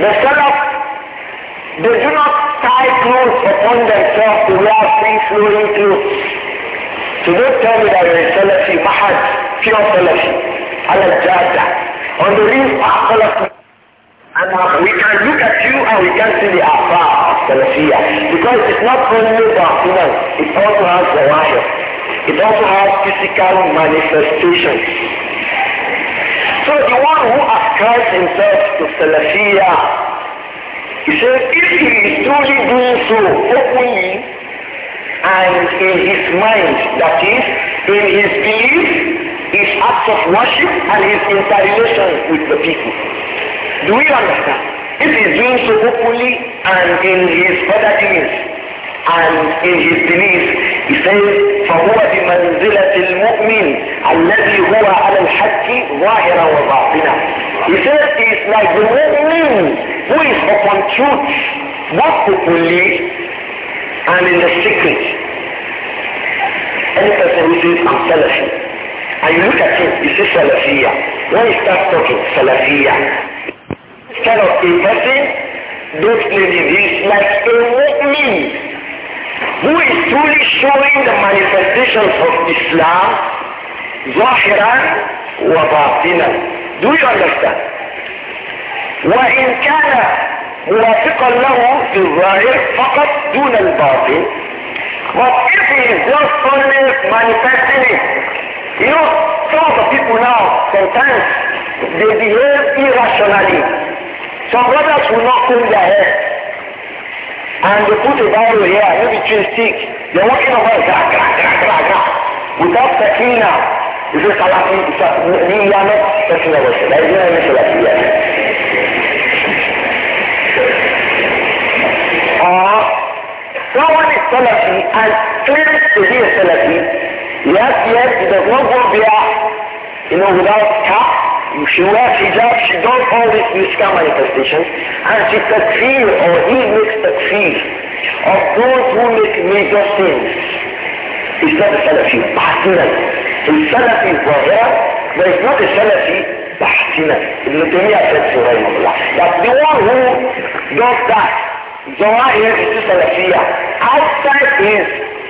The Salaf, they do not tie clothes upon themselves to wear free flowing clothes. So don't tell me that you're a Salafi, Mahad, pure Salafi, Al-Jada. On the real path, Salafi. And uh, we can look at you and we can see the Afar of Salafiyah. Because it's not only about Bahunan, it also has the Wahid. It also has physical manifestations. So the one who applied himself to Salafiyah. He says, if he is truly doing so openly and in his mind, that is, in his belief, his acts of worship, and his interrelation with the people. Do we understand? If he is doing so openly and in his other dealings and in his belief, he says, فهو بمنزلة المؤمن الذي هو على الحق ظاهرا وباطنا He says it's like the woman who is upon truth, both openly and in the secret. Any person who says I'm Salafi, and you look at him, you see Salafia. When he starts talking, Salafia. Instead of a person, don't name him, he like a woman who is truly showing the manifestations of Islam, wa وباطنا. Do you understand? وإن كان موافقا له في الظاهر فقط دون الباطل. But if he is just only manifesting it, you know, some of the people now, sometimes they behave irrationally. Some brothers will not comb their hair. And they put a barrel here, maybe two stick. They're walking over, gra, gra, gra, gra, gra, يجي طلع في ليه يعمل بس ما بس لا يجي يعمل ثلاث ايام اه طبعا السلفي and fails to be a Salafi yes yes he does not she wears hijab she does all these musical manifestations and she takfir or he makes takfir of those who make major sins it's not a Salafi particularly السلفي الظاهرة but it's not a Salafi bahtina. Ibn Taymiyyah said so rahimahullah. That the one who does that, Zawahir is Salafiyah. Outside is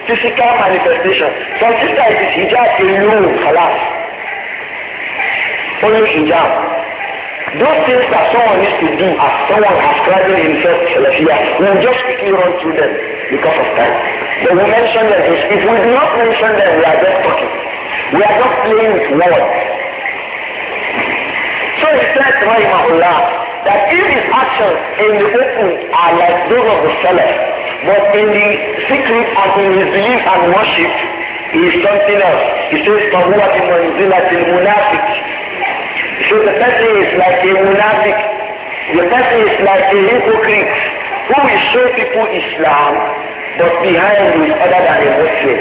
physical manifestation. So sister it is hijab alone, khalas. Only hijab. Those things that someone needs to do as someone ascribing himself to Salafiyah, we'll just quickly run through them because of time. But we mention them. If we do not mention them, we are just talking. We are just playing with words. So he said, Rahimahullah, that if his actions in the open are like those of the Salaf, but in the secret and in his belief and worship, he is something else. He says, فَهُوَ بِمَنْزِلَةِ الْمُنَافِقِ So the person is like a munafiq. The person is like a hypocrite who will show people Islam, but behind is other than a Muslim.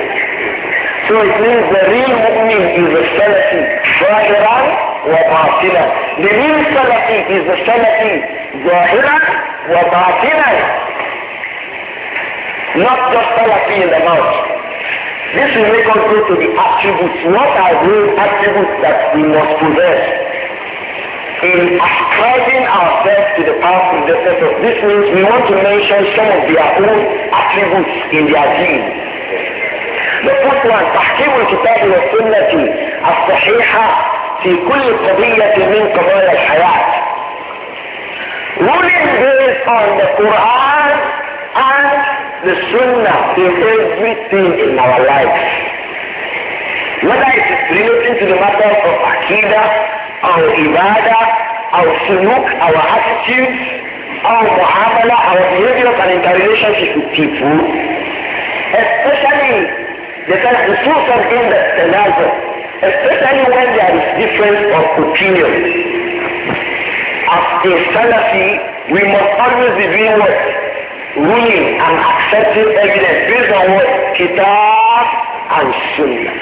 So it means the real mu'min is the Salafi, Zahiran wa Batinan. The real Salafi is the Salafi, Zahiran wa Batinan. Not just Salafi in the mouth. This will make us go to the attributes. What are those attributes that we must possess? In ascribing ourselves to the path of the of this means we want to mention some of their own attributes in their deen. بحكم تحكيم الكتاب والسنة الصحيحة في كل قضية من قضايا الحياة ruling based on the Quran and the Sunnah in everything in our lives. Whether it is relating to the matter of Aqidah, our Ibadah, our Sunuk, our attitudes, our Muhammad, our behavior and interrelationship with people, especially Because the two of them that saliva, especially when there is difference of opinion, as a Salafi, we must always be doing what? Ruling and accepting evidence based on what? Kitab and Sunnah.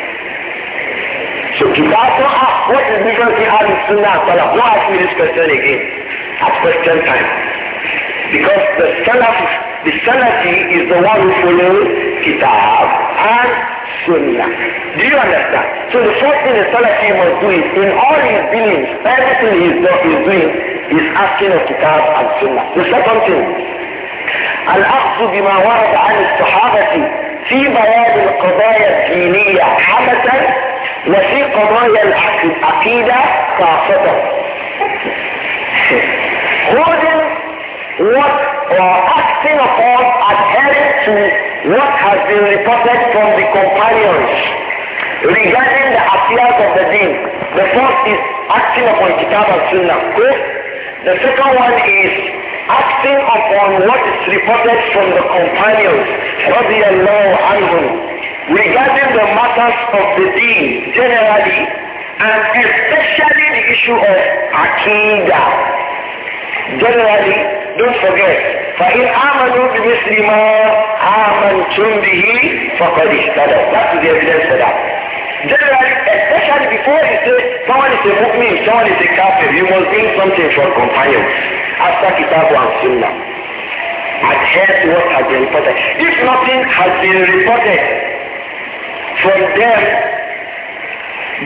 So Kitab, don't ask what is different between Ahl and Sunnah and Salaf. Don't ask me this question again at question time. Because the Salaf, the Salafi is the one who follows Kitab and Sunnah. Do you understand? So the first thing the Salafi must do is, in all his dealings, everything he's, is doing, is asking of Kitab and Sunnah. The second thing, الأخذ بما ورد عن الصحابة في بيان القضايا الدينية عامة وفي قضايا العقيدة خاصة. Holding what or acting upon adhering to what has been reported from the companions regarding the affairs of the deen. The first is acting upon Kitab and Sunnah. The second one is acting upon what is reported from the companions عنهم, regarding the matters of the deen generally and especially the issue of akida Generally, Don't forget, فَإِنْ آمَنُوا بِمِثْلِ مَا آمَنْتُمْ بِهِ فَقَدْ اِهْتَدَوْا That's the evidence for that. Generally, especially before you say someone is a mu'min, someone is a kafir, you must bring something from companions. After Kitabu and Sunnah. Adhere to what has been reported. If nothing has been reported from them,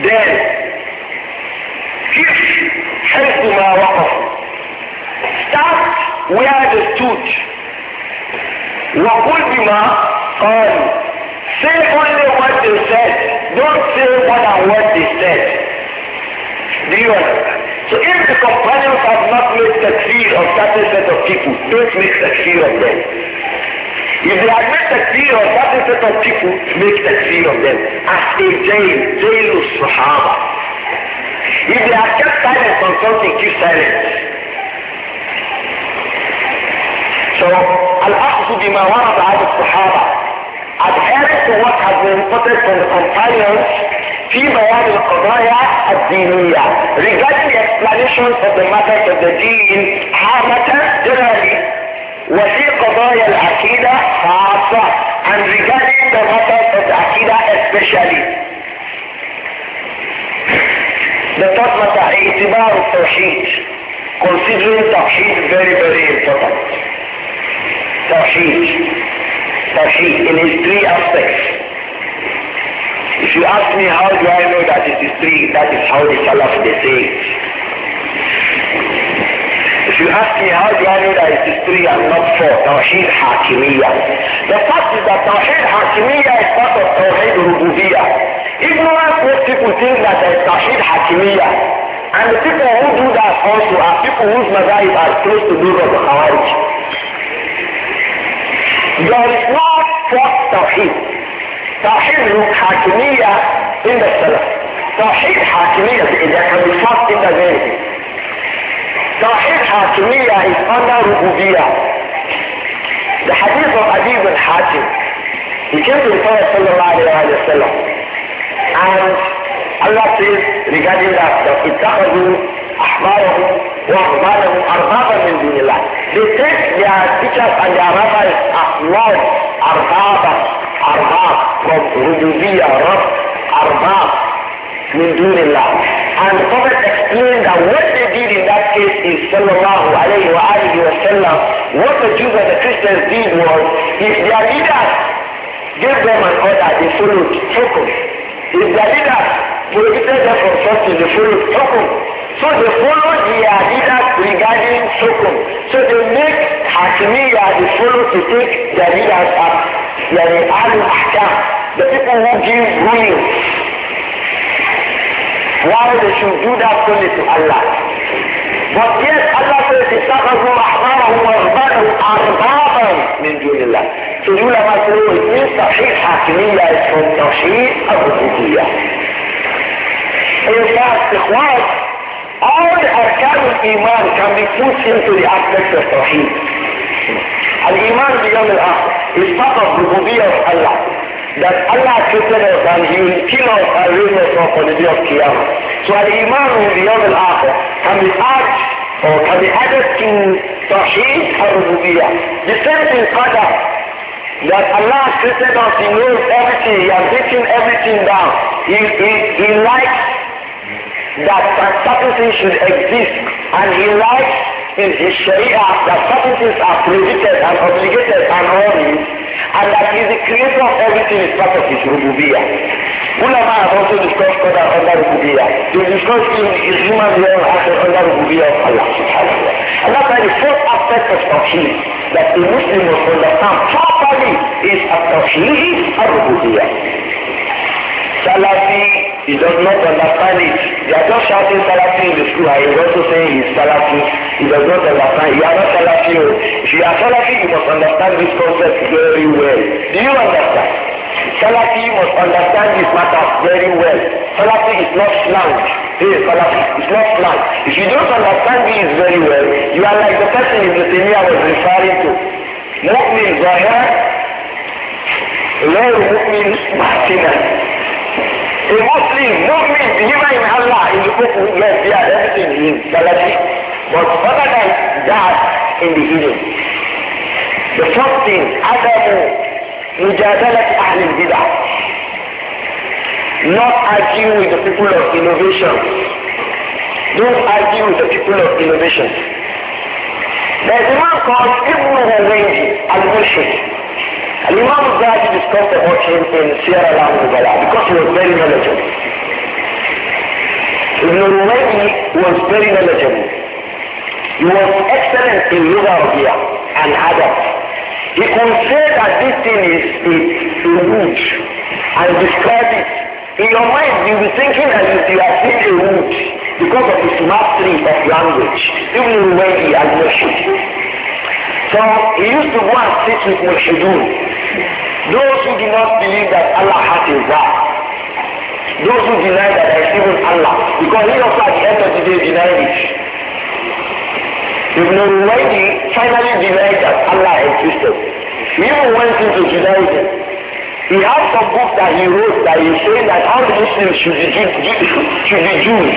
then if حفظ ما وقفوا Start where they stood. Wakul Bima, um, say only what they said. Don't say more than what they said. Do you understand? So if the companions have not made the fear of certain set of people, don't make the fear of them. If they have made the fear of certain set of people, make the fear of them. As a jail, jail of Sahaba. If they have kept silent on something, keep silence. So Al-Aqsu bima warad ad sahaba adhering to what has been reported في بيان القضايا الدينية regarding the explanation of the matters of the deen عامة generally وفي قضايا العقيدة خاصة and regarding the matters of the عقيدة especially The third matter اعتبار التوحيد considering توحيد very very important Tawheed. Tawheed in his three aspects. If you ask me how do I know that it is three, that is how the Salaf they say it. If you ask me how do I know that it is three and not four, Tawheed Hakimiyya. The fact is that Tawheed Hakimiyya is part of Tawheed Rububiyya. Ignorance makes people think that there is Tawheed Hakimiyya. And the people who do that also are people whose mazahib are close to those of the Khawarij. There is not what Tawheed. Tawheed is Hakimiyya in the Salah. Tawheed Hakimiyya that can be fought in the name. Tawheed Hakimiyya is under Rububiyya. The hadith of Adib al-Hakim. He came to the Prophet sallallahu alayhi wa sallam. And Allah says regarding that, that اتخذوا أحبارهم وأحبارهم أربابا من دون الله. They take their teachers and their rabbis as Lord, Arbaba, Arbab, from Rububiya, Rab, Arbab, Mindunillah. And the Prophet explained that what they did in that case is sallallahu alayhi wa alayhi wa sallam, what the Jews and the Christians did was, if their leaders gave them an order, they followed, hukum. If their leaders prohibited them from something, they followed, hukum. So they follow the leaders regarding Sokun. So they make Hakimiya the follow to take the leaders up. Yani Alu Ahkam, the people who give rulings. Why they should do that only to Allah. But yet Allah says, اتخذوا أحبارهم وربانهم أربابا من دون الله. So you have to know it means Tawheed Hakimiya is from Tawheed Abu In fact, the Quran All arkan iman can be pushed into the aspect of Tawheed. Al-Iman beyond al-Akhir is part of the movie of Allah. That Allah created us and He will kill us and raise us up on the day of Qiyamah. So Al-Iman beyond al-Akhir can be urged or can be added to Tawheed and Rububiyyah. The same thing Qadar that Allah created us, He knows everything, He has written everything down. He, he, he likes that certainty should exist and he writes in his sharia that certainties are prohibited and obligated and holy and that he is the creator of everything is part of his rububiyah. Ulama have also discussed Qadar under rububiyah. They discussed in his human realm as under rububiyah of Allah subhanahu wa ta'ala. And that's why the fourth aspect of Tawheed that the Muslim must understand properly is a Tawheed al-Rububiyah. Salafi He does not understand it. You are just shouting Salafi in the school and you are also saying he is Salafi. He does not understand. You are not Salafi. Oh. If you are Salafi, you must understand this concept very well. Do you understand? Salafi must understand this matter very well. Salafi is not slang. Hey, Salafi is not slang. If you don't understand this very well, you are like the person in the thing I was referring to. Mu'min Zahir, غير مؤمن باطنا A Muslim, movement, believer in Allah is supposed to yes, yeah, everything in salary. But other than that, in the healing. The first thing, عدم مجادلة أهل البدع. Not arguing with the people of innovation. Don't argue with the people of innovation. There's a man called Ibn Rawaji, al-Mushrik. And Imam Zaji discussed about him in Sierra Leone because he was very knowledgeable. Ibn Ruwaidi was very knowledgeable. He was excellent in Yoga and Adab. He could say that this thing is a wood and describe it. In your mind, you'll be thinking that you are seeing a wood because of his mastery of language. Ibn Ruwaidi and Murshid. So he used to go and sit with Murshidun those who do not believe that Allah has a God, those who deny that there is even Allah, because he also at the end of the day denied it. Ibn Rumaydi finally denied that Allah existed. He even went into Judaism. He has some book that he wrote that he saying that all Muslims should be, should be Jews,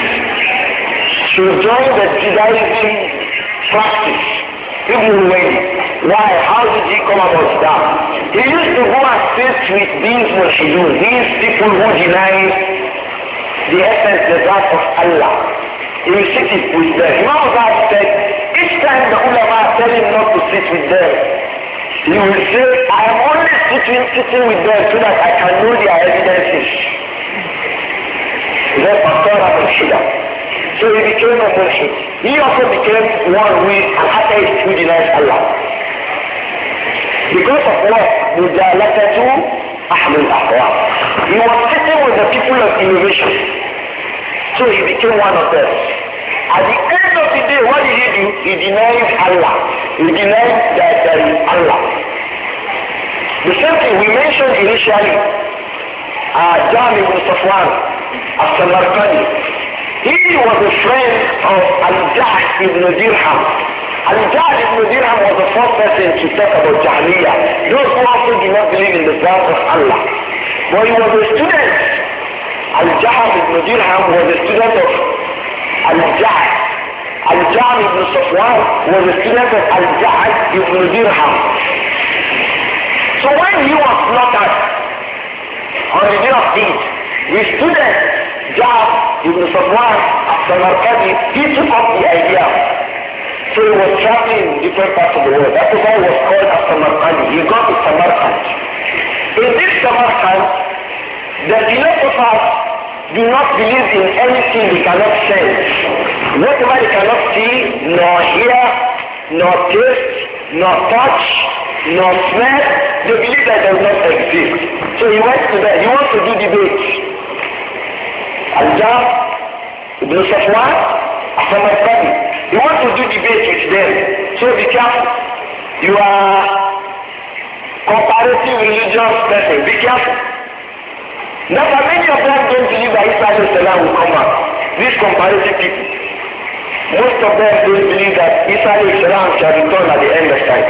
should join the Judaism practice. Ibn Rumaydi. Why? How did he come about that? He used to go and sit with these Mushidun, these people who deny the essence, the wrath of Allah. He will sit with them. Imam Azad said, each time the ulama tell him not to sit with them, he will say, I am only sitting, sitting with them so that I can know their evidences. Therefore, Torah Mushidun. So he became a Murshid. He also became one with an atheist who denies Allah. Because of what? Mujalakatu Ahlul Aqwa. He was sitting with the people of innovation. So he became one of them. At the end of the day, what did he do? He denied Allah. He denied that there is Allah. The same thing we mentioned initially, uh, John ibn Safwan, As-Samarkandi. He was a friend of Al-Jah ibn Dirham. al Jahl ibn Dirham was the first person to talk about Jahmiyyah. Those who also do not believe in the God of Allah. But he was a student. Al-Jahl ibn Dirham was a student of Al-Jahl. Al-Jahl ibn Safwan was a student of Al-Jahl ibn Dirham. So when he was slaughtered on the day of Eid, his student, Jahl ibn Safwan, Samarkandi, he took So he was traveling in different parts of the world. That is why he was called as Samarkand. He got to Samarkand. In this Samarkand, the philosophers do not believe in anything they cannot sense. Whatever they cannot see, nor hear, nor taste, nor touch, nor smell, they believe that does not exist. So he went to that. He wants to do debate. And Ibn Shafwan, Samarkand, You want to do debate with them, so be careful. You are comparative religious person, be careful. Not that many of them don't believe that Isa Salam will come back. These comparative people. Most of them don't believe that Isa Salam shall return at the end of time.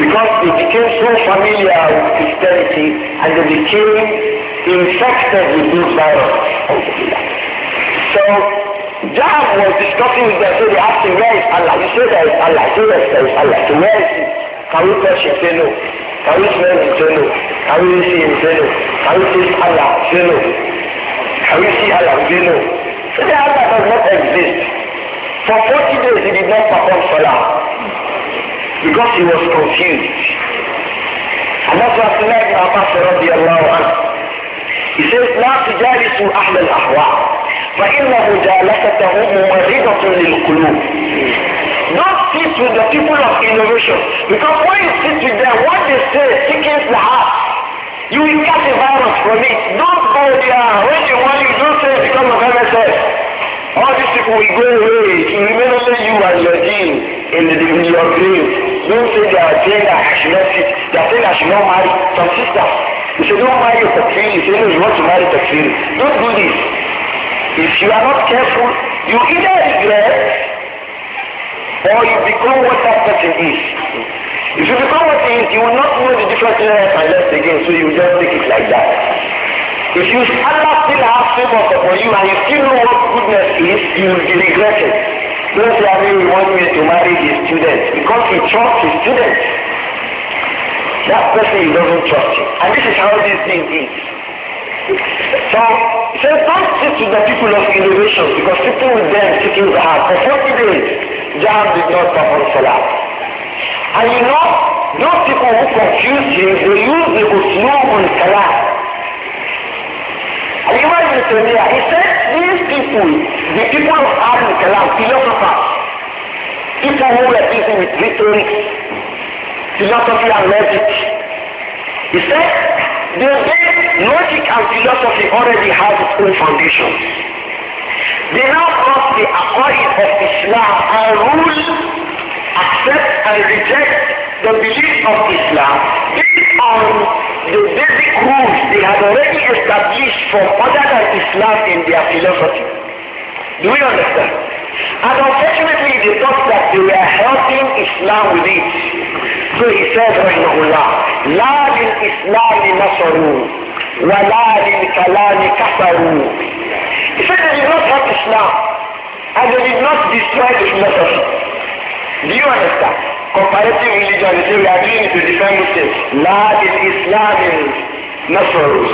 Because they became so familiar with Christianity and they became infected with those viruses. So John was discussing with them, so they asked him, where is Allah? He said, there is Allah. He said, there is Allah. So where is he? Can we touch him? Say no. Can we smell him? Say no. Can we see him? Say no. Can we see Allah? Say no. Can we see Allah? Say no. So the Allah does not exist. For 40 days he did not perform Salah. Because he was confused. And that's what Abdullah ibn Abbas radiallahu He says, to لا تجالسوا أهل الأهواء فإن مجالسته ممرضة للقلوب Don't sit with the people of innovation because when you sit with them, what they say sickens the heart. You will get a virus from it. Don't go there. When you want, you don't say because of MSF. All these people will go away. It will remain only you and your gene in, the, in your grave. Don't say they are saying that I should not sit. They are saying I should not marry some sister. You should not marry your Takfiri. You say no, you want to marry Takfiri. Don't do this. If you are not careful, you either regret or you become what that person is. If you become what he is, you will not know the difference between left and left again, so you just take it like that. If you Allah still have favor upon you and you still know what goodness is, you will be regretted. Don't say, I we want you to marry his student because he trusts the student. That person he doesn't trust you. And this is how this thing is. So, so don't sit with the people of innovation because sitting with them, sitting with hard. For 40 days, John did not perform Salah. And you know, those people who confuse him, they use the Uslum on Salah. And you might listen here, he said these people, the people of Ahlul Kalam, philosophers, people who were busy with rhetoric, philosophy and logic, he said, The way logic and philosophy already have its own foundation. They now cross the authority of Islam and rule, accept and reject the belief of Islam based on the basic rules they had already established from other than Islam in their philosophy. Do we understand? And unfortunately, they thought that they were helping Islam with it. So he said, Rahimahullah, لا للإسلام نصروا ولا للكلام كفروا. He said they did not help Islam and they did not destroy the philosophy. Do you understand? Comparative religion, they say we are doing it to defend Muslims. La لا للإسلام نصروا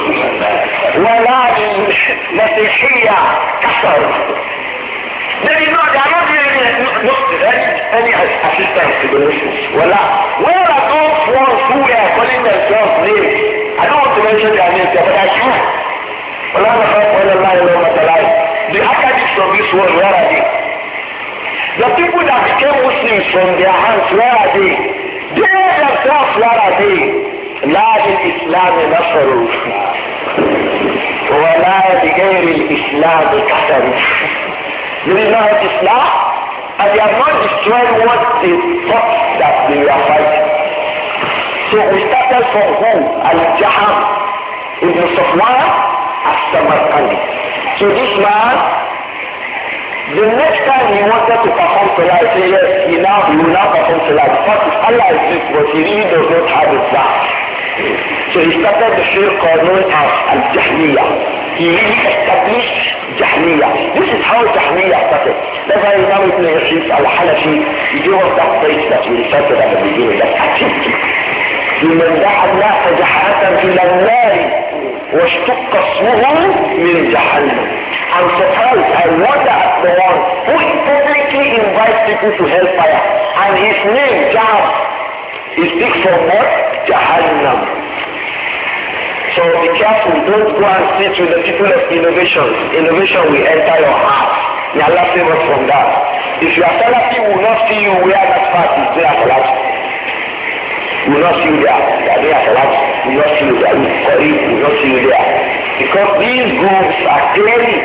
ولا المسيحية كفروا نبي نقعد على any assistance to the Muslims. Wala. Where are those ones who are calling themselves names? I don't want to mention their names there, but I do. Wala na fa wa la ilaha illallah. The academics from this world, where are The people that became Muslims from their hands, where are they? الإسلام نصر ولا بغير الإسلام كفروا You الإسلام؟ how to Islam? And they are not destroying what they thought that they were fighting. So we started from who? Al-Jaham Ibn Safwan As-Samarkandi. So this man, the next time he wanted to perform Salah, he said yes, he now, he will now perform Salah. Because Allah is this, but he really does not have Islam. فيستفاد الشيء قانون الجحمية يستبلش جحمية مش تحاول جحمية اعتقد ده زي نظام ابن الشيخ الحلفي يجيبهم تحت رئيس الفاتر ده اللي بيجيبه ده لمن دعا الله فجحرة إلى النار واشتق اسمه من جهنم. I'm surprised I wonder at the one who publicly invites people to hellfire and his name Jahannam He speaks for what? Jahannam. So be careful. Don't go and sit with the people of innovation. Innovation will enter your heart. May Allah save us from that. If your are will not see you where that part is there for that. will not see you there. They are there for will not see you there. Sorry, will not see you there. Because these groups are clearly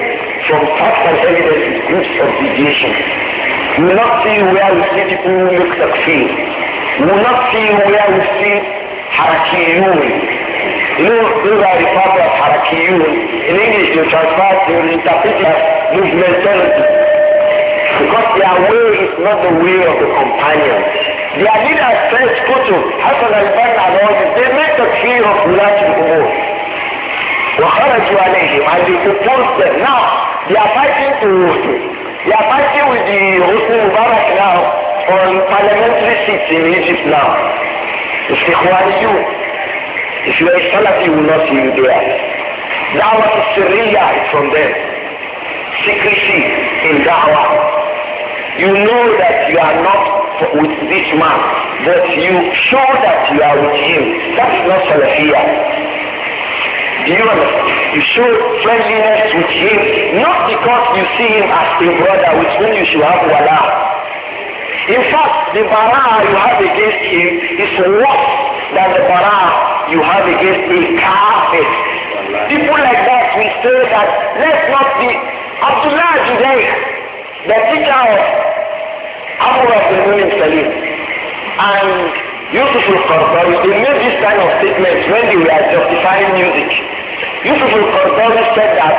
from facts and evidence groups of deviation. will not see you where we see people who make succeed will not see where we see Harakiyun. Those are the part of Harakiyun. In English, you transfer to interpret as movementality. Because their way is not the way of the companion. Their leaders, French Kutu, Hassan al-Banna and all this, they make the fear of Ulatul Umur. وخرجوا عليهم and they opposed them. Now, they are fighting to They are fighting with the Husni Mubarak now on parliamentary seats in Egypt now. It's Ikhwan you. If you are a Salafi, you will not see you there. Dawah is Syria, from them. Secrecy in Dawah. You know that you are not with this man, but you show that you are with him. That is not Salafiya. Do you understand? You show friendliness with him, not because you see him as a brother with whom you should have wala, In fact, the barah you have against him is worse than the barah you have against a carpet. People like that will say that let's not be Abdullah today, the teacher of Abu Abdul Mumin Salim and Yusuf al-Qardawi, they made this kind of statements when they were justifying music. Yusuf al-Qardawi said that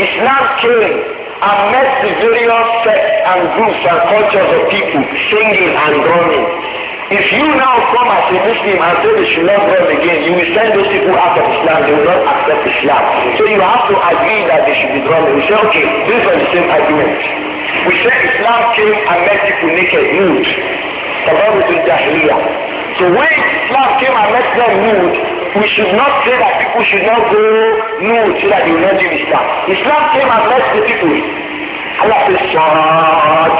Islam came and met the various sects and groups and cultures of people singing and drumming. If you now come as a Muslim and say they should not drum again, you will send those people out of Islam. They will not accept Islam. So you have to agree that they should be drumming. We say, okay, these are the same arguments. We say Islam came and met people naked, nude. Tabarutul Jahiliyyah. So when Islam came and met them nude, we should not say that people should not go no to that they will not do Islam. Islam came and blessed the people. Allah says, Shahad.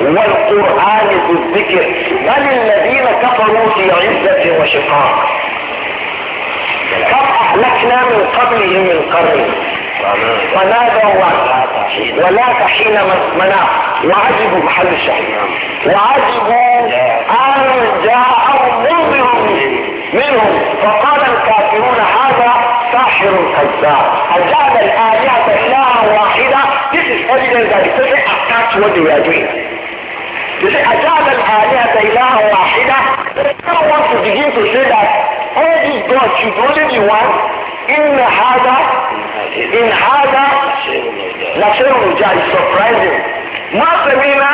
والقرآن في الذكر بل الذين كفروا في عزة وشقاق كم أهلكنا من قبلهم من قرن فنادوا ولا تحين منا وعجبوا بحل الشهيد وعجبوا أن جاءهم منهم منهم Now, Azab Allah Wahida, this is evidence that it doesn't attach what they were doing. They say Azab and Ayat Allah Wahida, they now want to begin to say that all oh, these gods should only be one. In Hada, in Hada, Nasir Mujah is surprising. ما سمينا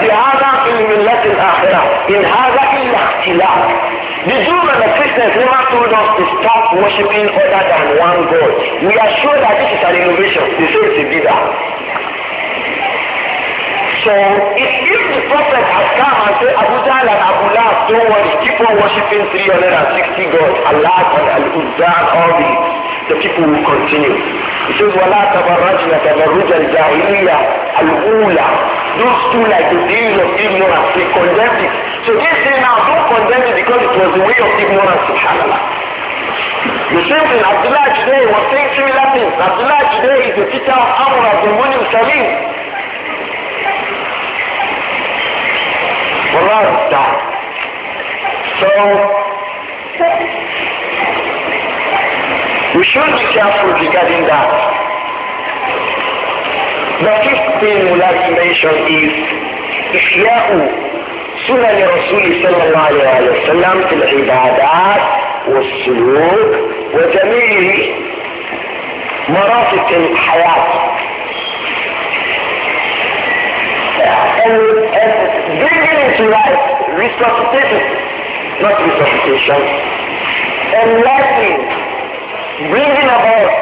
بهذا في الملة الآخرة إن هذا إلا اختلاف The Jews and the Christians never told us to stop worshiping other than one God. We are sure that this is an innovation. They say it's a bidder. So if, the prophet had come and said, Abu Jahl and Abu Lahab, don't worry, keep on 360 gods, Allah and Al-Uzza and all these, the people will continue. He says, وَلَا تَبَرَّجْنَ تَبَرُّجَ الْجَاهِلِيَّةِ الْأُولَى Those two like the deeds of ignorance, they condemned it. So they say now, don't condemn it because it was the way of ignorance, subhanAllah. The same thing, Abdullah today was saying similar things. Abdullah today is the teacher of Amr the Munim Salim. front. So, we should be careful regarding that. The fifth thing we like to mention is إحياء سنن رسول صلى الله عليه وسلم في العبادات والسلوك وجميع مرافق الحياة. And to life, resuscitation, not resuscitation, enlightening, bringing about,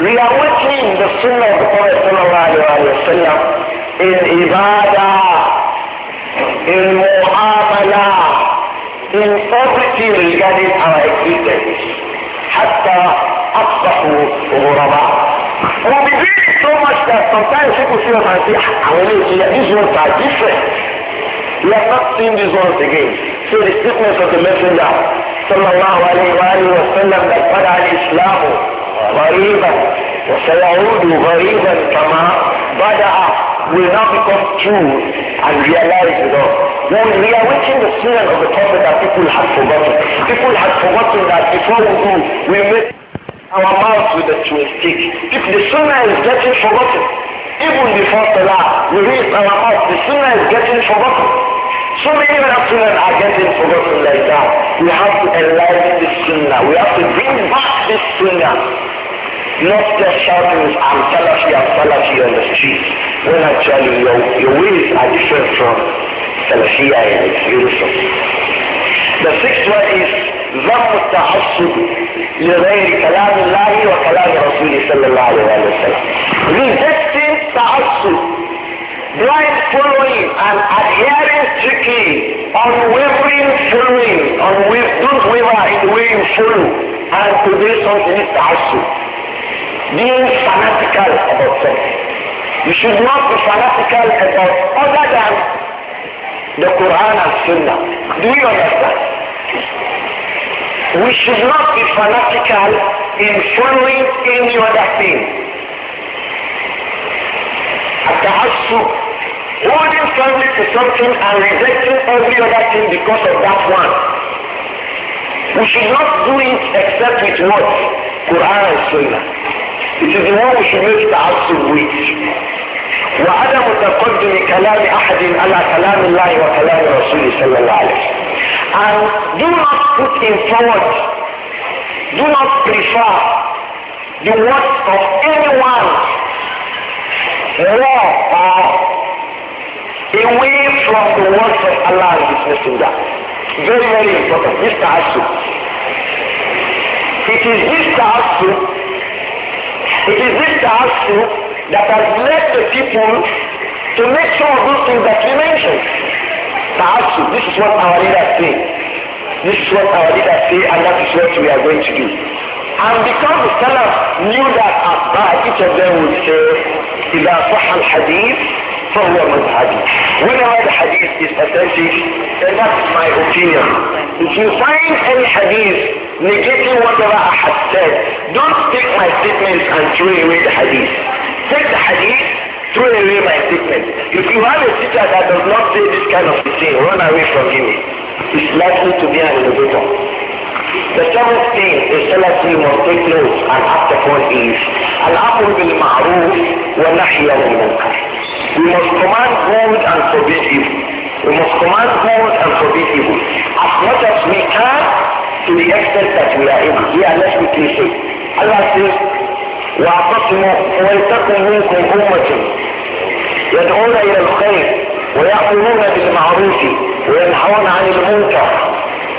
reawakening the sunnah of the Prophet sallallahu in ibadah, in mu'amala, in everything regarding our existence. حتى أصبحوا غرباء. And I've been reading so much that sometimes people see feel like, ah, I want to hear Is words are different. We have not seen this once again. So the sickness of the messenger, sallallahu alayhi wa alayhi wa sallam, that fada al-Islam, غريبا, وسيعود غريبا كما بدأ will not become true and realize it all. When we are reaching the season of the prophet that people have forgotten. People have forgotten that before we do, we make our mouth with a twin stick. If the sooner is getting forgotten, even before Salah, we read our mouth, the Sunnah is getting forgotten. So many of our children are getting forgotten like that. We have to enliven this Sunnah. We have to bring back this Sunnah. Not just shouting, I'm Salafi, I'm Salafi on the street. When actually your, your ways are different from Salafiyah and its beautiful. The sixth one is ذم التعصب لغير كلام الله وكلام رسوله صلى الله عليه وسلم. Rejecting ta'assub, blind following and adhering strictly, unwavering following, unwav don't waver in the way you follow, and to do something is ta'assub. Being fanatical about something. You should not be fanatical about other than the Quran and Sunnah. Do you understand? We should not be fanatical in following any other thing. التعصب holding firmly to something and rejecting every other thing because of that one. We should not do it except with what? Quran and Sunnah. It is the one we should make تعصب with. وعدم تقدم كلام أحد على كلام الله وكلام رسوله صلى الله عليه وسلم. And do not put in forward, do not prefer the words of anyone War or away from the words of Allah and His Messenger. Very, very important. This ta'asub. It is this ta'asub, it is this ta'asub that has led the people to make some of those things that we mentioned. Ta'asub, this is what our leader say. This is what our leader say and that is what we are going to do. And because the Salaf knew that as bad, each of them would say, إذا صح الحديث فهو مذهبي. Whenever the hadith is authentic, then that's my opinion. If you find any hadith negating whatever I have said, don't take my statements and throw away the hadith. Take the hadith throw away my statement. If you have a teacher that does not say this kind of thing, run away from him. It's likely to be an innovator. The seventh thing is Salafi must take notes and act upon is And after the Ma'ruf We must command God and forbid evil. We must command God and forbid evil. As much as we can to the extent that we are able. Here, let me please say. Allah says, واعتصموا ولتكن منكم أمة يدعون إلى الخير ويأمرون بالمعروف وينهون عن المنكر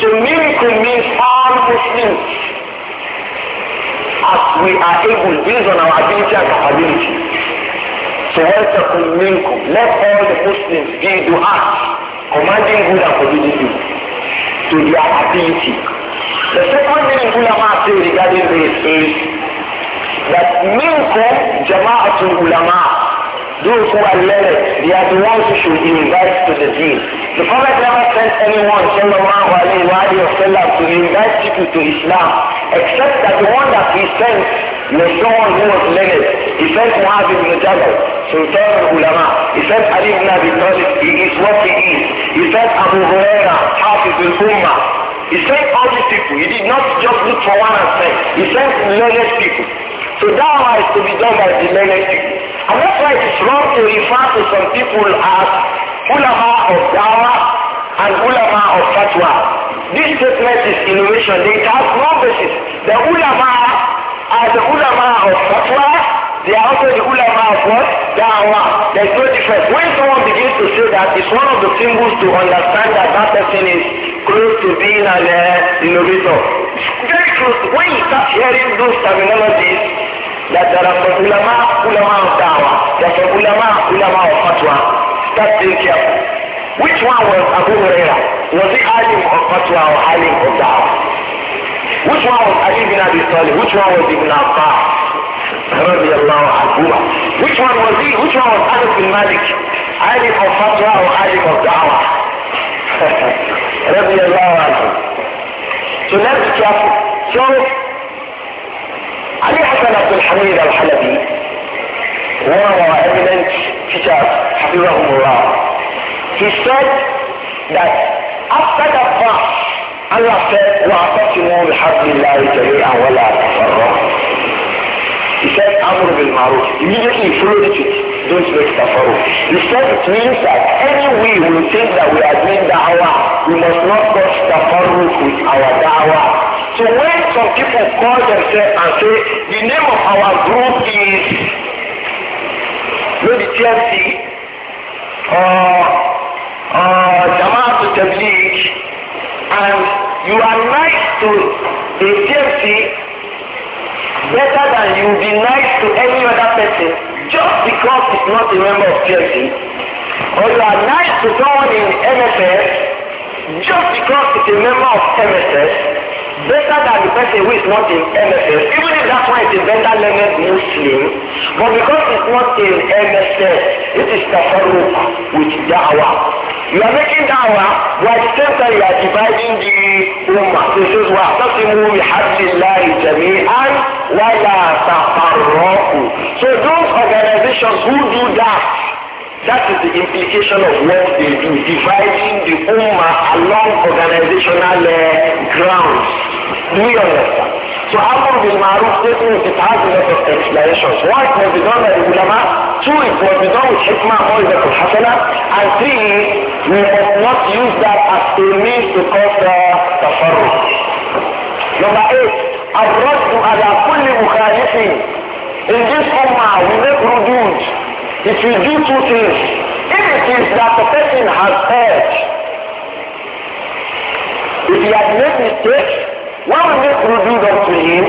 Community means all Muslims. As we are able, based on our ability and capability. So what's the minkum? Let all the Muslims be us, commanding good and forbidding to their ability. The second thing ulama say regarding this is that minkum jama'atul ulama' Those who are learned, they are the ones who should be invited to the deen. The Prophet never sent anyone, sallallahu alayhi wa sallam, to invite people to Islam, except that the one that he sent was someone who was learned. He sent Muhammad ibn Jabal, Sultan al-Ulama. He sent Ali ibn Abi Talib, he is what he is. He sent Abu Huraira, Hafiz al-Ummah. He sent all these people. He did not just look for one and say. He sent learned people. So that is to be done by the learned people. And that's why it's wrong to refer to some people as ulama of dawa and ulama of fatwa. This statement is innovation. It has no basis. The ulama are the ulama of fatwa. They are also the ulama of what? Dawah. There is no difference. When someone begins to say that, it's one of the symbols to understand that that person is close to being an uh, innovator. Very close. When you start hearing those terminologies, yatarafa ulama ulama of dawa yafa ulama ulama of fatwa start being careful which one was abu huraira was he alim of fatwa or alim of dawa which one was ali bin abi talib which one was ibn abbas رضي الله عنهما which one was he which one was Anas bin Malik alim of fatwa or alim of dawa رضي الله عنه so let's be careful so علي حسن عبد الحميد الحلبي one of our eminent teachers الله he said that after the fast Allah said واعتصموا بحبل الله جميعا ولا تفرقوا he said أمر بالمعروف immediately immediately followed it with don't make tafaru he said it means that any way we think that we are doing da'wah we must not cause tafaru with our da'wah So when some people call themselves and say the name of our group is maybe TFC or uh, uh Jamaat Tabligh and you are nice to the TFC better than you be nice to any other person just because it's not a member of TFC or you are nice to someone in MSS just because it's a member of MSS better than the person who is not in MSS, even if that one is a vendor learned Muslim, but because it's not in MSS, it is Tafaruk with da'wah. You are making da'wah, but at the same time you are dividing the ummah. This is why Tasimu bihablillahi jami'an wa la tafarraqu. So those organizations who do that, That is the implication of what they do, dividing the Ummah along organizational uh, grounds. Do you understand? So Amr bin Maruf statement, it has a lot of explanations. One, it was done by the ulama. Two, it was done with hikmah or the hasana. And three, we must not use that as a means to cause uh, tafarruq. Number eight, abroad to other كل مخالف. In this Ummah, we make rudud If you do two things, if it is that the person has erred, if he has made mistakes, one make we do them to him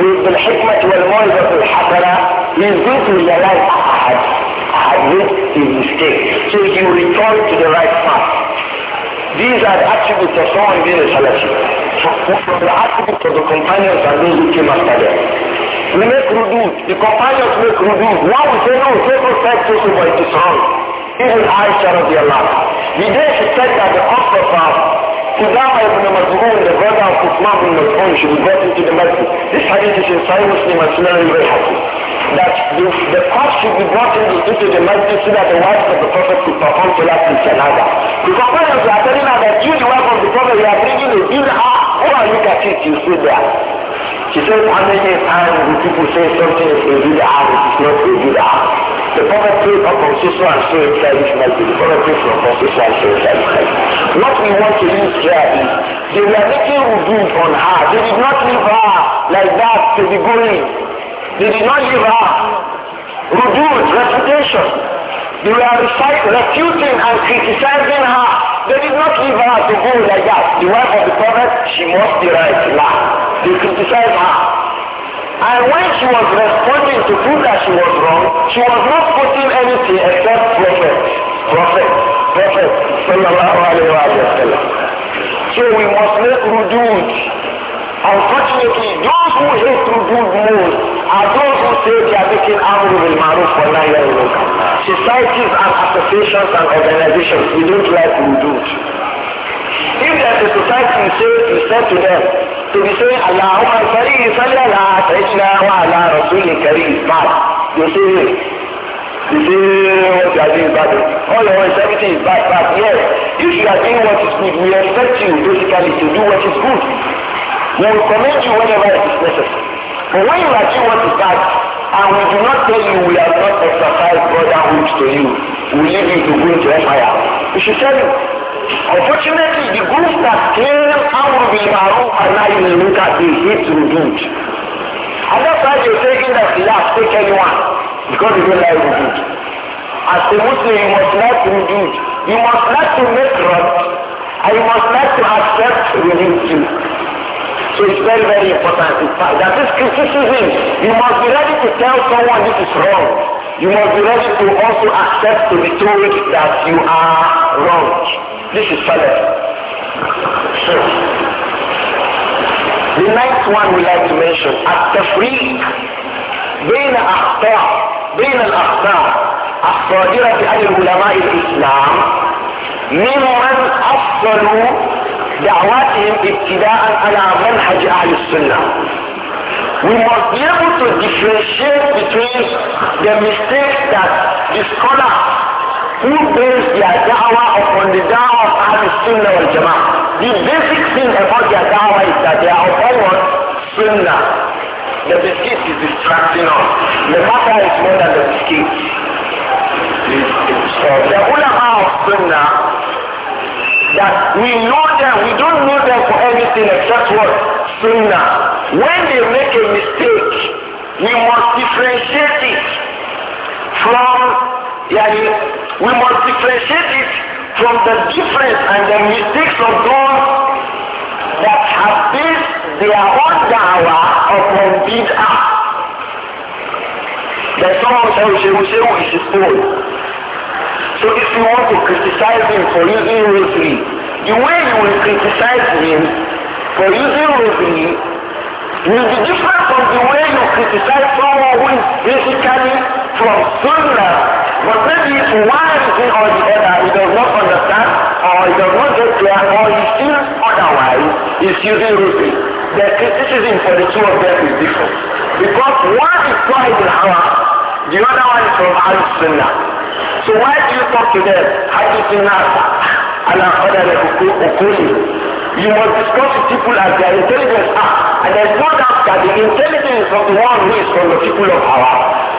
with the hikmah wal mawizah al hasana, he is going to realize ah, I had, made a mistake. So he will return to the right path. These are the attributes of someone being a Salafi. From the attributes of the companions are those who came after them we make rudud. The companions make rudud. Now we say, no, take respect to but it is wrong. Even I shall not be allowed. The day she said that the Prophet of Qudama ibn Mazmun, the brother of Uthman ibn Mazmun, she be brought into the masjid. This hadith is in Sahih Muslim and Sunan al-Bayhaqi. That the, the corpse should be brought into, into the masjid so that the wife of the Prophet could perform Salat al-Janaza. The companions are telling her that you, the wife of the Prophet, you are bringing a dinner. Ah, who are you catching? You sit there. She says, how many times do people say something is a good bid'ah, it is not a good bid'ah? The Prophet prayed for constitution and so inside this The Prophet prayed for constitution and so inside this What we want to use here is, they were making rebuke on her. They did not leave her like that to be going. They did not leave her. Rebuke, reputation. They were refuting and criticizing her. They did not leave her to go like that. The wife of the prophet, she must be right. Nah. They criticized her. And when she was responding to prove that she was wrong, she was not putting anything except prophet. Prophet. Prophet. So we must make rudud. Unfortunately, those who hate rudud most are those who say they are making amru bil ma'ruf for nine years ago? Societies and associations and organizations, we don't like we do it. If there's a society you say, you said to them, to be saying, Allahumma salli salli ala Sayyidina wa ala Rasulil Kareem is bad. You say, you say what you are doing is bad. All oh, your words, everything is bad, bad. Yes, if you are doing what is good, we expect you basically to do what is good. We will commend you whenever it is necessary when you achieve what is that, and we do not tell you we have not exercised brotherhood to you, we leave you to go into empire. We should tell you. Unfortunately, the groups that claim Amru bin Maruf and Nahi bin Munkar, they hate to good. And that's why they're taking that they have take anyone, because they don't like the As a Muslim, you must not to good. You must not to make wrong, and you must not to accept religion. So it's very, very important to fight. That this criticism, you must be ready to tell someone this is wrong. You must be ready to also accept to be told that you are wrong. This is Salaf. So, the next one we like to mention, after التفريق بين after, بين الأخطاء الصادرة عن علم علماء الإسلام ممن أفضلوا دعواتهم ابتداء على منهج اهل السنه we must be able to differentiate between the mistakes that the scholars who base their da'wah upon the da'wah of Ahl Sunnah wal Jama'ah. The basic thing about their da'wah is that they are upon what? Sunnah. The biscuit is distracting us. The matter is more than the biscuit. The, the, the ulama of Sunnah that we know them, we don't know them for anything except what? Sunnah. When they make a mistake, we must differentiate it from, yani, we must differentiate it from the difference and the mistakes of those that have based their own dawah upon bid'ah. There's someone who said, we say, we should So if you want to criticize him for using rosary, the way you will criticize him for using rosary will be different from the way you criticize someone who is basically from Sunnah, but maybe it's one reason or the other, he does not understand, or he does not get clear, or he still otherwise, is using rosary. The criticism for the two of them is different. Because one is pride in Allah, The other one is from Al Sunnah. So why do you talk to them? Hadithinah ala qadari ukuli. You must discuss with people as their intelligence are. Ah, and there's no doubt that the intelligence of the one who is from the people of power,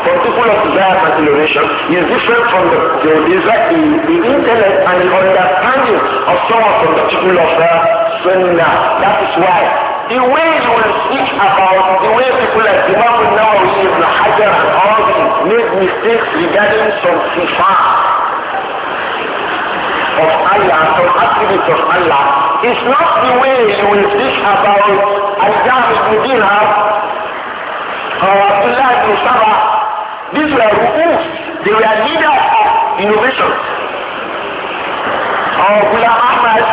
from people of desire and innovation, is different from the, the, the, the intellect and the understanding of someone from the people of uh, Sunnah. That is why the way you will speak about the way people like Imam Nawawi, Ibn Hajar and all made mistakes regarding some sifa of Allah, some attributes of Allah, is not the way you will think about Ajah ibn Dirham or uh, Abdullah ibn Sabah. These were rules. They were leaders of innovation. Or uh, Mullah Ahmad,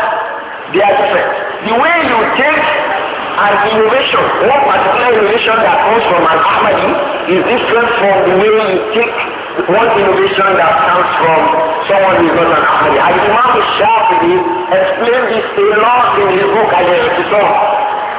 they are different. The way you take an innovation, one particular innovation that comes from an Ahmadi is different from the way you take one innovation that comes from someone who is not an Ahmadi. And Imam Shafi'i explain this a lot in his book, I Al-Iqtisam.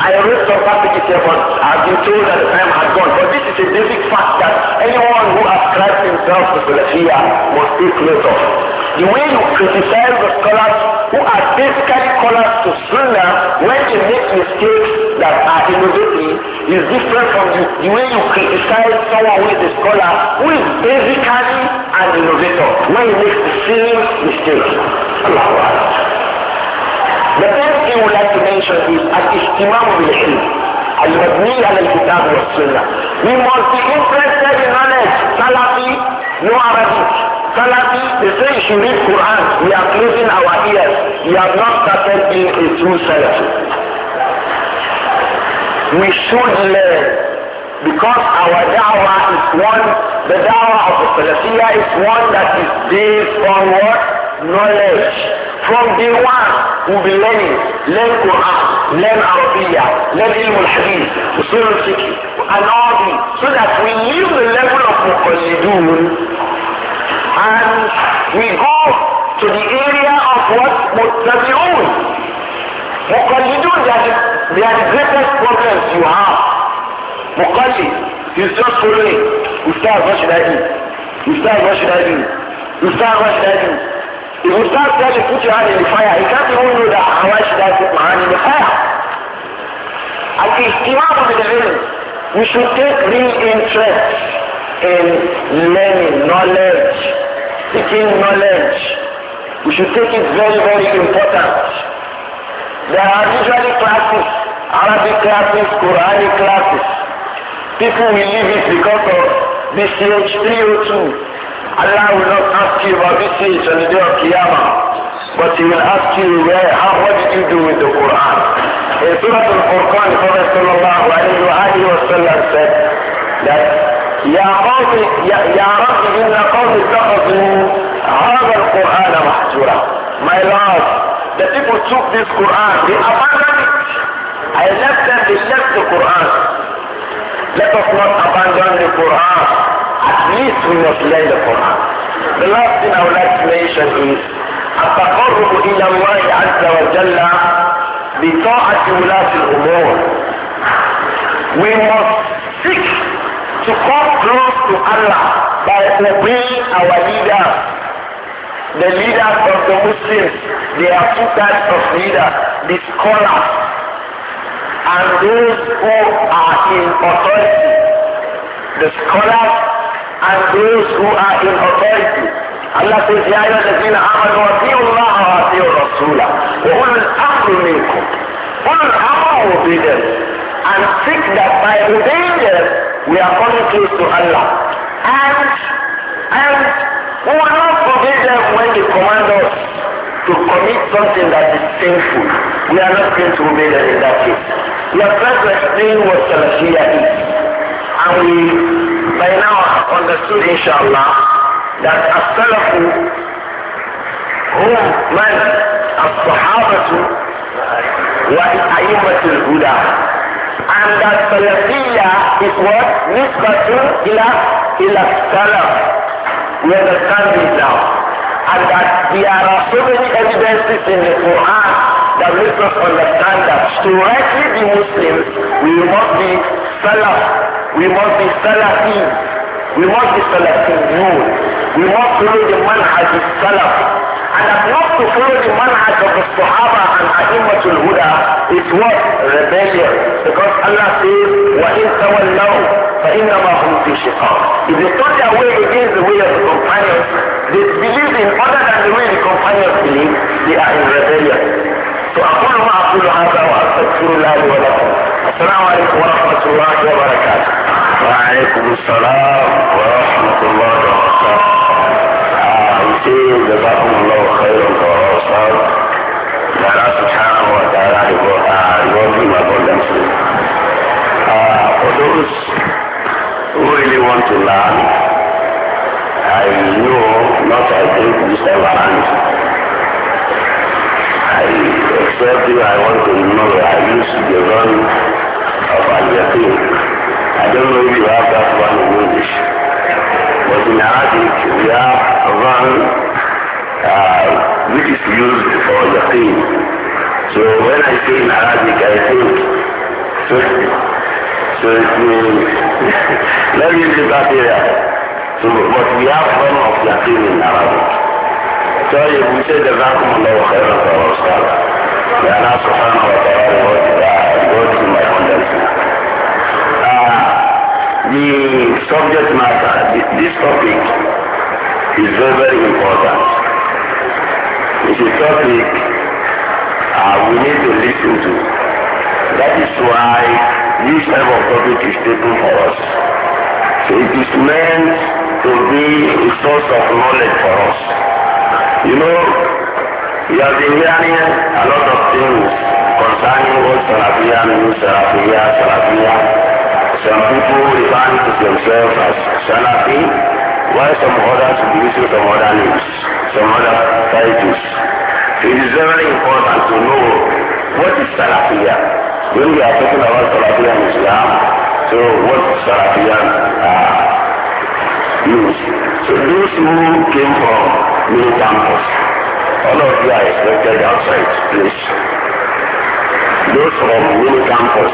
I read some passages here, but I've been told that the time has gone. But this is a basic fact that anyone who ascribes himself to Salafiyah must take note of. The way you criticize the scholars who are basically scholars to Sunnah when they make mistakes that are innovative is different from the, the way you criticize someone who is a scholar who is basically an innovator when he makes the same mistake. The third thing we like to mention is al-istimam bil-ilm. المبني على الكتاب والسنة. We must be interested in knowledge. Salafi, no Arabic. Salafi, they say you read Quran. We are closing our ears. We have not started being a true Salafi. We should learn because our da'wah is one, the da'wah of the Salafiyah is one that is based on what? Knowledge. From day one, we'll be learning. Learn Quran, learn Arabia, learn Ilm al-Hadith, Usul al-Fiqh, and all these, so that we leave the level of Muqallidun And we go to the area of what Muttabi'un. Muqallidun, they are, the, they are the greatest problems you have. Muqallid, he's just following. Ustaz, what should I do? Ustaz, what should I do? Ustaz, what should I do? If Ustaz tells you put your hand in the fire, he can't even know that, how ah, should I put my hand in the fire? At the Imam of the Ilm, we should take real interest in learning knowledge. seeking knowledge, we should take it very, very important. There are usually classes, Arabic classes, Quranic classes. People will leave it because of BCH 302. Allah will not ask you about BCH on the day of Qiyamah, but He will ask you where, how, what did you do with the Quran? In Surah Al-Furqan, Prophet Sallallahu Alaihi Wasallam said that يا قوم يا, يا رب إن قوم اتخذوا هذا القرآن محجورا My love, the people took this Quran, they abandoned it. I left them, they left the Quran. Let us not abandon the Quran. At least we must learn the Quran. The last thing I would like to mention is التقرب إلى الله عز وجل بطاعة ولاة الأمور. We must seek to come close to Allah by obeying our leader. The leaders of the Muslims, there are two types of leaders, the scholars and those who are in authority. The scholars and those who are in authority. Allah says, يا أيها الذين آمنوا أطيعوا الله وأطيعوا الرسول وأولي الأمر منكم. أولي الأمر obedience and think that by obeying them We are calling close to Allah. And, and we will not forbid them when they command us to commit something that is sinful. We are not going to obey them in that case. We are trying to explain what Salafiyah is. And we, by now, have understood, inshallah, that as-Salafu, whom man, as-Sahabatu, wa ayyamatul huda And that Salafiyya is what? Nisbatu ila, ila Salaf. We understand now. And that there are so many evidences in the Quran that make us understand that to rightly be Muslims, we must be Salaf. We must be Salafi. We must be Salafiyun. We must follow the manhaj of Salaf. على الاطلاق تفرض منهج الصحابة عن ائمة الهدى it was rebellion because Allah says وإن تولوا فإنما هم في شقاق if they turn their way against the way of the companions they believe in other than the way the companions believe they are in rebellion so أقول ما أقول هذا وأستغفر الله لي ولكم السلام عليكم ورحمة الله وبركاته وعليكم السلام ورحمة الله وبركاته ṣé ìjọba fún un lọ́wọ́ fẹ́rẹ̀ ọ̀rọ̀ sáà yàrá tó sáà wà ìwọ ìwọ bí wà bọ́ lẹ́sí. For those who really want to learn, I know not I think this time around. I except you. I want to know I used to be one of Al-Yaqeen. I don't know if you have that one in English in Arabic we have Ran, uh, which is used for the thing. So when I say in Arabic, I think, so, so it means, let me leave that here. So, but we have one of the Yaqeen in Arabic. So if we say the Zakum Allah Khairan for our There are so far away. the subject matter, this topic is very, very important. It's a topic uh, we need to listen to. That is why this type of topic is taken for us. So it is meant to be a source of knowledge for us. You know, we have been hearing a lot of things concerning what Salafia means, Salafia, Salafia. Some people refer to themselves as Salafi, while some others use some other names, some other titles. It is very important to know what is Salafiyah. When we are talking about Salafiyah in Islam, so what Salafiyah uh, means. So those who came from Campus. all of you are expected outside, please. Those from mini campus,